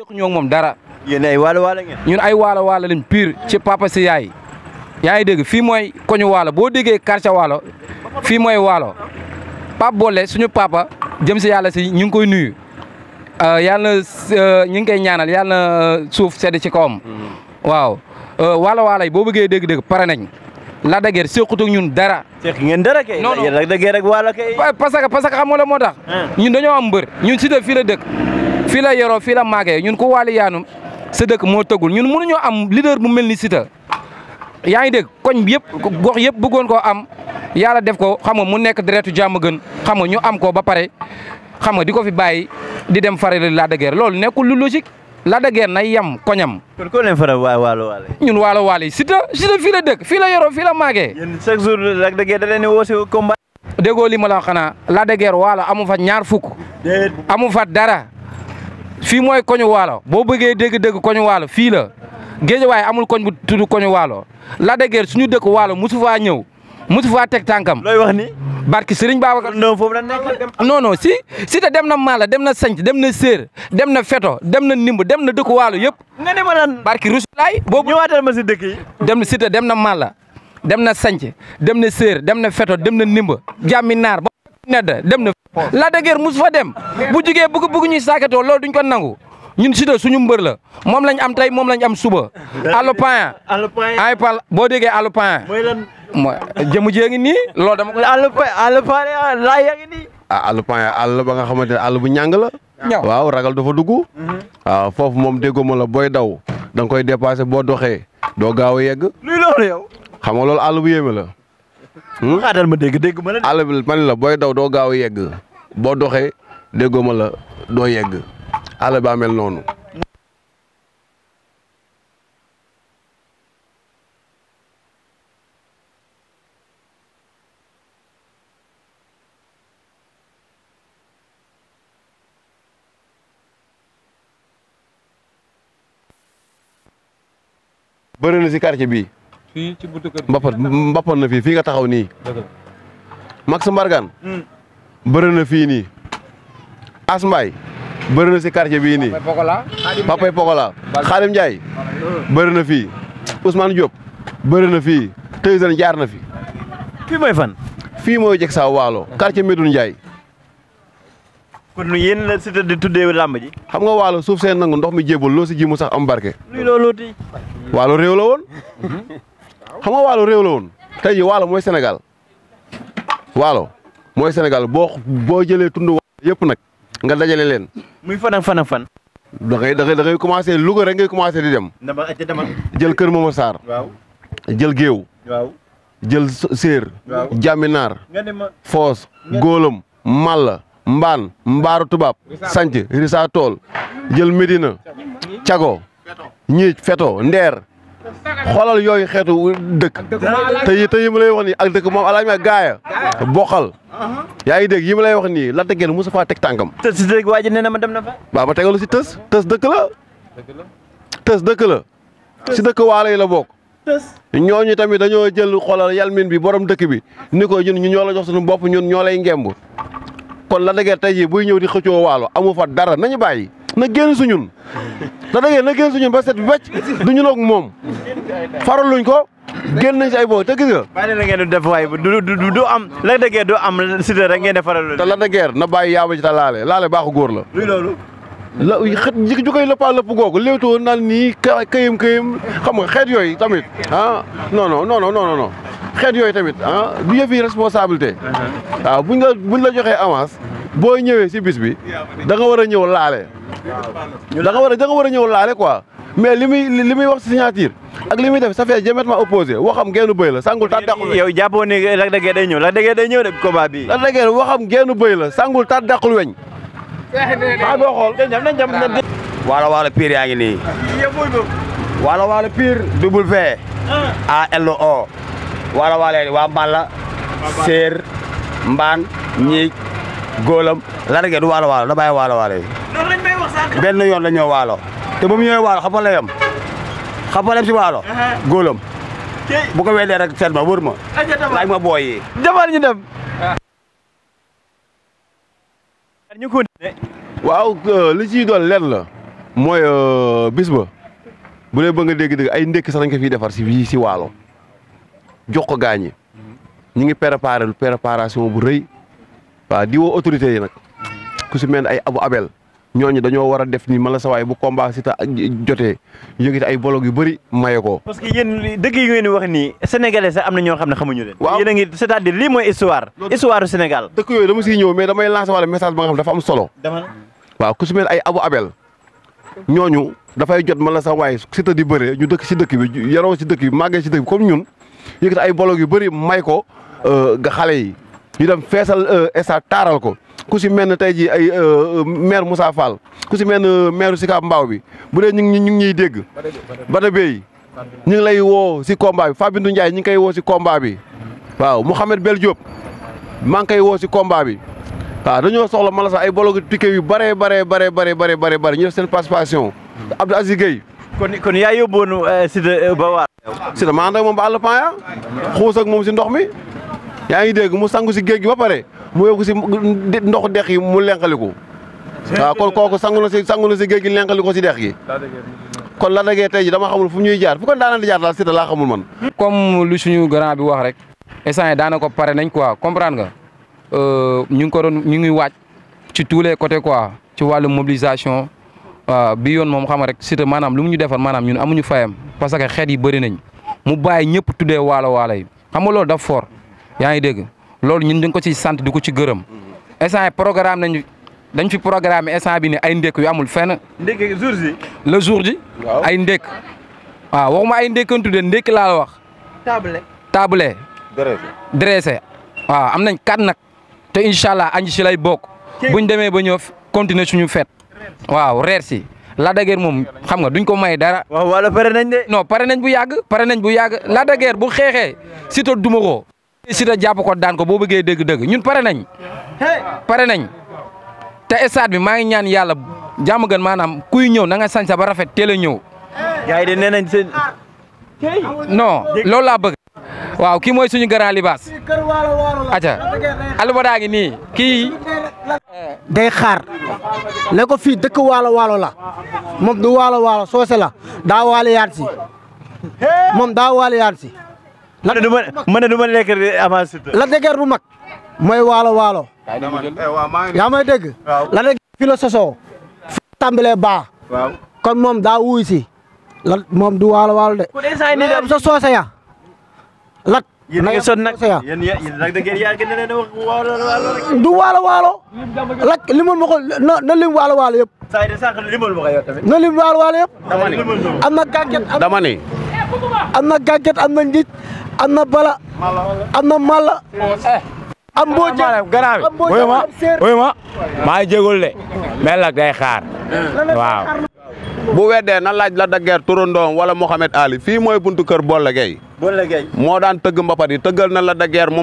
yëq ñoo moom dara. yéen ay waalo ñun ay waalo waalo lañ pire ci papa si yaay yaa ngi dégg fii mooy koñu waalo boo déggee quartier walo fii mooy waalo Pape Bolle suñu papa jëm si yàlla si ñu ngi koy nuyu euh, yàlla na euh, ñu ngi koy ñaanal yàlla na euh, suuf sedd ci kawam. Mm-hmm. waaw waalo waalo yi boo bëggee dégg-dégg pare nañ. Lac de Guiers sequtug ñun dara. seq ngeen dara kay. non non Lac de Guiers ak waalo kay. que parce que xam nga moo tax. Ah. ñun dañoo am ñun si de fii fii la yoroo fii la màggee ñun ku waali yaanu sa dëkk moo tëggul ñun mënuñoo am leader mu mel ni Siteu yaa ngi dégg koñ yëpp gox yëpp bëggoon ko am yàlla def ko xam nga mu nekk diretu jàmm gën xam nga ñu am ko ba pare xam nga di ko fi bàyyi di dem farale Lac de Guiers loolu nekkul lu logique Lac de Guiers nay yam koñam. kon koo leen faral waay waalo waale. ñun waalo waale Siteu Siteu fii la dëkk fii la yoroo fii la màggee. yéen chaque jour Lac de Guiers da woo si combat. déggoo li ma la xanaa Lac de waalo amu fa ñaar fukk. amu fa dara. fii mooy koñ waalo boo bëggee dégg-dégg koñu waalo fii la géejawaay amul koñ bu tudd koñ waalo Lac de suñu dëkk waalo mosu faa ñëw musu faa teg tànkam. looy wax ni. barki Serigne Babacar. non foofu la nekk non non si si te na Mala dem na Sanc dem na Séer dem na Feto dem na Nimb dem na dëkk waalo yëpp. nga ne ma lan barki Rusulaay. boobu ñëwaatal ma si dëkk yi. dem si te dem na Mala dem na Sanc dem na Séer dem na Feto dem na Nimb jàmmi naar. nedd dem na la de guerre mus fa dem bu jugee bëgg bëgg ñuy saakatoo lool duñ ko nangu ñun do suñu mbeur la mom lañ am tay mom lañ am suba allopain ay pal boo moy lan moy jëmu jee ngi ni lool dama ko allopain allopain la ya ngi ni ah allopain àll ba nga xamante ne bu ñang la waaw ragal dafa duggu waaw mhm. ah, fofu mom dego mo la boy daw dang koy dépasser bo doxé do gaaw yegg luy lool yow xam nga lool àll bu yéme la Hmm? xaaral ma dégg dégg ma la. àll bi man la booy daw doo gaaw a yegg boo doxe déggoo ma la doo yegg àll baa mel noonu. bëri na si quartier bii. fii ci buntu kër mbappat na fii fii nga taxaw nii. dëgg la Max hmm. na fii nii. As Mbaye. na si quartier bii nii. Papay Pokola. Papay Xaalim Ndiaye. Hmm. bëri na fii. Ousmane Diop. bëri na fii. Tëysan jaar na fi. fii mooy fan. fii mooy jeg saa waalo. quartier Medoune Ndiaye. kon yéen la Siteu ji. xam nga waalo suuf seen nangu ndox mi jébul loo si ji sax am barke. waalo réew la woon. Mhm. xam nga waalo réew la woon tey jii waalo mooy Sénégal waalo mooy Sénégal boo jëlee tund waalo yëpp nag nga dajale leen. muy fan ak fan ak da ngay commencé Louga rek ngay commencé di dem. Eh, jël Kër Momar Sarr. waaw jël Géew. waaw jël Séer. waaw Jaminaar. Foos Góolam Malla Mbaan Mbaaru Tubaab. Sanc Rissa Tool jël Medina. Cago Ñiij Feto Ndeer. xoolal yooyu xeetu dëkk te yi te yi ma lay wax nii ak dëkk moom alaaj ma gaaya boqal uh-huh. yaa ngi dégg yi ma lay wax nii la teggeel Moussa Fall teg tànkam tës si dëgg waa ji nee na ma dem na fa ma tegalu si tës tës dëkk la tës dëkk la si dëkk waalo yi la bokk ñoo ñooñu tamit dañoo jël xoolal yalmin bi borom dëkk bi ni ko ñun ñu ñoo la jox suñu bopp ñun ñoo lay ngemb kon la teggeel tey yi buy ñëw di xëccoo waalo amu fa dara nañu bàyyi na génn suñun da dëggee na génn suñun ba set bi becc du ñun ak moom faraluñ ko génn nañ si ay booy te gis nga bàyyi la ngeen di def waaye du du du am la dëggee du am Siteu rek ngeen di faralu te la dëggee na bàyyi yaaba ci ta laale laale baaxu góor la luy loolu la xët ji ju koy lëppaa lëpp googu léewtoo naan nii kayam kayam xam nga xeet yooyu tamit ah non non non non non non xeet yooyu tamit ah du yëfi responsabilité uh-huh. waaw buñ la buñ la joxee avance boo ñëwee si bis bi da nga war a ñëw laale da nga war a da war a ñëw laale quoi mais li muy li muy wax si signature ak li muy def ça fait diamétralement opposé waxam geenu bëy la sangul ta dàqul yow jàppoo ni Lac de Guiers day ñëw Lac de Guiers ñëw de combat bi Lac de Guiers waxam geenu bëy sangul tat dàqul weñ a boo xool waalo waalo pire yaa ngi nii waalo waalo pire double V A L O waalo waalo yi waa Mballa Séer Mbaan Ñiig Góolam Lac de Guiers du waalo waalo waalo waalo yi ben yoon la ñoo walo te bu mu ñoy walo xapa layam xapa yem ci walo la bu ko weddee rek seet ma wër ma laaj ma ñu dem ah. ñu ne waaw euh, li ci doon lenn la moy euh, bis ba bu dee bëgg dégg-dégg ay ndékk sax nga fi défar ci si fii si jox ko gañi ñi ngi préparer préparation bu reuy waaw di autorité yi nak ku ci mel ay abou abel ñoñu dañoo wara def ni mala sawaay bu combat ci ta joté yëgite ay bolog yu bëri maye ko. parce que yeen dëgg yi ngeen wax ni sénégalais sa amna na ñoo xam ne xamuñu leen. yeen yéen ngi c'est-à-dire li moy histoire. histoire du Sénégal. dëkk yoy dama ci ñëw mais damay lancer wala message ba nga xam dafa am solo. waaw ku si mel ay abou Abel ñoñu da fay jot mala sawaay ci ta di bëré ñu dëkk ci dëkk bi yaro ci dëkk bi magge ci dëkk comme ñun yëgite ay bolog yu bëri may euh ga xalé yi ñu dem fessel euh état taral ko ku si mel ne tey jii ay euh, euh, maire Moussa Fall ku si mel ne euh, maire Sicap Mbao bi bu dee ñu ngi ñu ngi ñuy dégg. Bada Bey ñu lay woo si combat bi Fabintou Ndiaye ñu ngi koy woo si combat bi waaw Mouhamed Bel Diop maa ngi koy woo si combat bi. waaw dañoo soxla mala sax ay bologu piqué yu bëree bëree bëree bëree bëree bëree bëri ñu seen participation. Abdou Aziz Gueye. kon kon yaa yóbbuwoon Sida ba waar. Sida maa ànd ak moom ba àll pan ya moom si ndox mi yaa ngi dégg mu sangu si géej gi ba pare. mu yóbbu si ndoxu dex yi mu lenqaliku. waaw kon kooku sangu na si sangu na si géej gi lenqaliku si dex gi. kon la dagee tey ji dama xamul fu ñuy jaar fu ko daanaka jaar daal si laa xamul man. comme lu suñu grand bi wax rek. instant daana ko pare nañ quoi comprendre nga euh, ñu ngi ko doon ñu ngi waaj ci tous les côtés quoi ci wàllu mobilisation euh, bi yoon moom xam rek surtout maanaam lu mu ñu defar maanaam ñun amuñu fayam parce que xeet yi bëri nañ mu bàyyi ñëpp tuddee waalo waalo yi xam nga loolu daf fort yaa ngi dégg. loolu ñun dañ ko ci sant du ko ci gërëm instant programme nañu dañ fi programme instant bi ne ay ndékk yu amul fenn. ndékk le jour ji. ay ndékk. waaw waxuma ay ndékkantu de ndékk laa wax. table table. dressé waa am nañ kat nag te incha allah añ si lay bokk. buñ demee ba ñëw continuer suñu fête. waaw reer si. la de moom xam nga duñ ko may dara. waaw wala pare nañ de. non pare nañ bu yàgg pare nañ bu yàgg Lac de bu xeexee Siteu duma ko Siteu japp ko dan ko bo beugé deug deug ñun pare nañ pare nañ te estade bi ma ngi ñaan yalla jamm gën manam kuy ñëw na nga sañ sa ba rafet teel a ñëw. gars yi de nee nañ non loolu la bëgg. waaw ki moy suñu grand libaas. aca ngi ni ki day xaar ko dëkk la mom du walo waalo sosé la da waale yaat si moom la du mëna du ma lekk avance la dëgër bu mag moy walo walo ya may dëgg la dëgg fi la ba kon mom da wuy ci la mom du walo walo de ku desay ni dem soso sa ya la yeen nga son nak yen ya nak dëgg ya gën na wax walo walo du walo walo la limul mako na lim walo walo yeb say de sank limul mako yow tamit na lim walo walo yeb dama ni amna am gaget gàgget nit na bala am mala am boo jë gannaaw ma de day xaar waaw bu weddee na laaj la daggeer turandoom wala Ali fi mooy buntu kër Bolle Gueye Bolle Gueye moo daan tëgg mbapat yi tëggal na la daggeer mu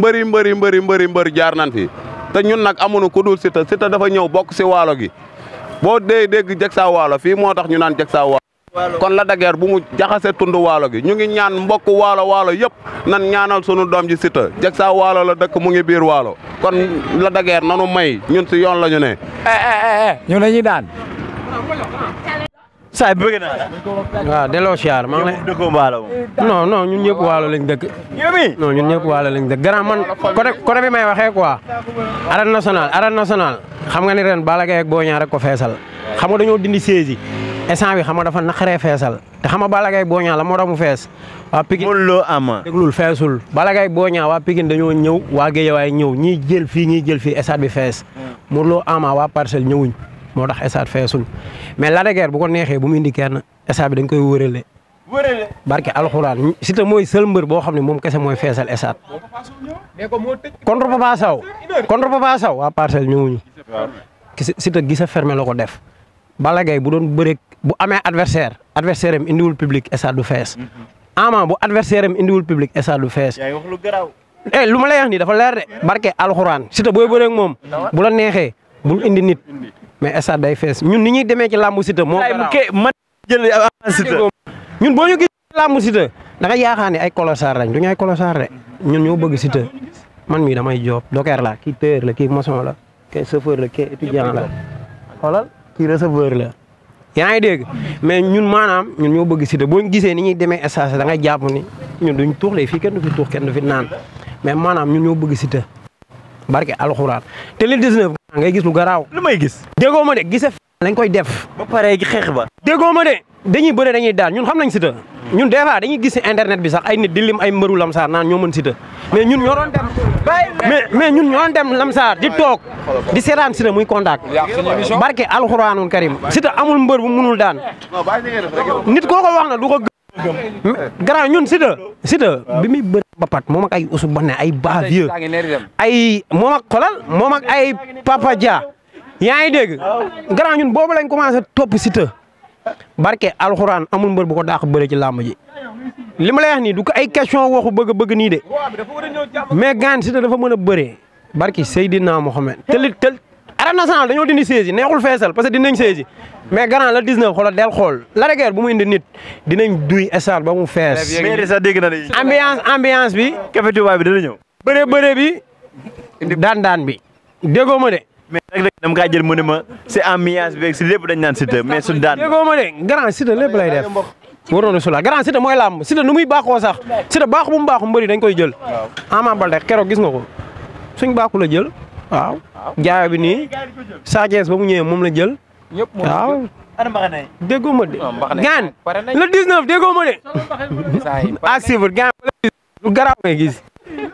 berim mbapat berim berim na ay jaar nan fi te ñun nag amuñu ku dul Siteu Siteu dafa gi boo dee dégg Jeksa Waalo fii moo tax ñu naan Jeksa Waalo kon la dageer bu mu jaxasee tundu waalo gi ñu ngi ñaan mbokk waalo waalo yëpp nan ñaanal sunu doom ji Siteu Jeksa Waalo la dëkk mu ngi biir waalo kon la dageer nanu may ñun si yoon la ñu ne. Eh, eh, eh, ñu lañuy daan. saay bëgg naa la. waaw delloo siyaar maa ngi lay. dëkkoo Mbaalo non ñun ñëpp waalo lañ dëkk. yéen non ñun lañ dëkk grand man ko côté bi may waxee quoi. arène nationale arène nationale xam nga ni ren Balla Gaye ak ko feesal. xam nga dañoo dindi saisi. instant bi xam nga dafa naqaree feesal te xam nga Balla Gaye Boy Niang la moo tax mu fees. waa Pikine mënul loo am. déglul feesul Balla Gaye waa Pikine dañoo ñëw waa Guédiawaye ñëw ñii jël fii ñii jël fii stade bi fees. mënul hmm. loo ama waa parcelle ñëwuñ mo tax esaat fessul mais la de Guiers bu ko nexé bu mu indi kenn esaat bi dañ koy wërélé barké barke ci té moy seul mbeur bo xamné mom kessé moy fessal feesal contre Papa saw contre Papa Sow waa ñu ñëwuñu. Siteu gis a fermé lako def def. la gay bu doon bëré bu amé adversaire adversaire am wul public esaat du fess mm-hmm. ama bu adversaire am wul public esaat du fess yaay wax lu graw eh luma lay wax ni dafa leer de. barke alxuraan Siteu booy bëreeg mom bu la nexé bu indi nit mais sa day fess ñun ni ñi démé ci làmbu Siteu moo ma jël cité ñun bo ñu gis lambu cité da nga yaaxani ay colossal lañ du ñay colossal ré ñun ñoo bëgg cité man mi damay job docker la ki teur la ki maçon la kii chauffeur la kii étudiant la xolal ki receveur la yaay dégg mais ñun manam ñun ñoo bëgg bo ñu gisé ni ñi démé essence da nga japp ni ñun duñ tour lé fi kenn du fi tour kenn du fi naan mais manam ñun ñoo bëgg cité barké alcorane té le 19 ngay gis lu garaaw. ma de gise lañ koy def. ba pare xeex ba. déggoo ma de dañuy bëre dañuy daal ñun xam nañ Siteu ñun des fois dañuy gis internet bi sax ay nit di lim ay mbëru lamsaar naan ñoo mën Siteu mais ñun ñoo doon dem. mais mais ñun ñoo doon dem lamsaar di toog di seetaan Siteu muy contact. barke alxuraanul karim. Siteu amul mbër bu munul daan. nit koo ko wax na du ko gëm. garaaw ñun Siteu Siteu bi muy bëre bapat mom ak ay Ousmane Bane ay Ba Vieux ay mom ak xolal mom ak ay Papa Dia yaay ngi dégg grand ñun bobu lañ commencé ci te barke alcorane amul mbeur bu ko daax bëre ci lamb ji lima lay wax ni du ko ay question waxu bëgg bëgg ni de mais ci te dafa mën a bëree barke Seydina Mohamed arène nationale dañoo dindi siège yi neexul feesal parce que dinañ siège yi mais grand la 19 xoolal del xool la guerre bu mu indi nit dinañ duy stade ba mu fees. mais sax dégg na la ambiance ambiance bi. café Touba bi dana ñëw. bëre bëre bi. indi daan daan bi déggoo ma de. mais rek rek jël mu ne ma si ambiance bi si lépp dañ naan Siteu mais su daan. déggoo ma de grand Siteu lépp lay def. waroon na su la grand Siteu mooy làmb Siteu nu muy baaxoo sax Siteu baaxu bu mu baaxu mbëri dañ koy jël. Ama Baldé keroog nga ko suñ baaxu la jël waaw jaay bi nii Sa Thiès ba mu ñëwee moom la jël. waaw. déggoo ma de. gaan le 19 déggoo ma de. à ah, suivre gaan le 19 lu garaaw ngay gis.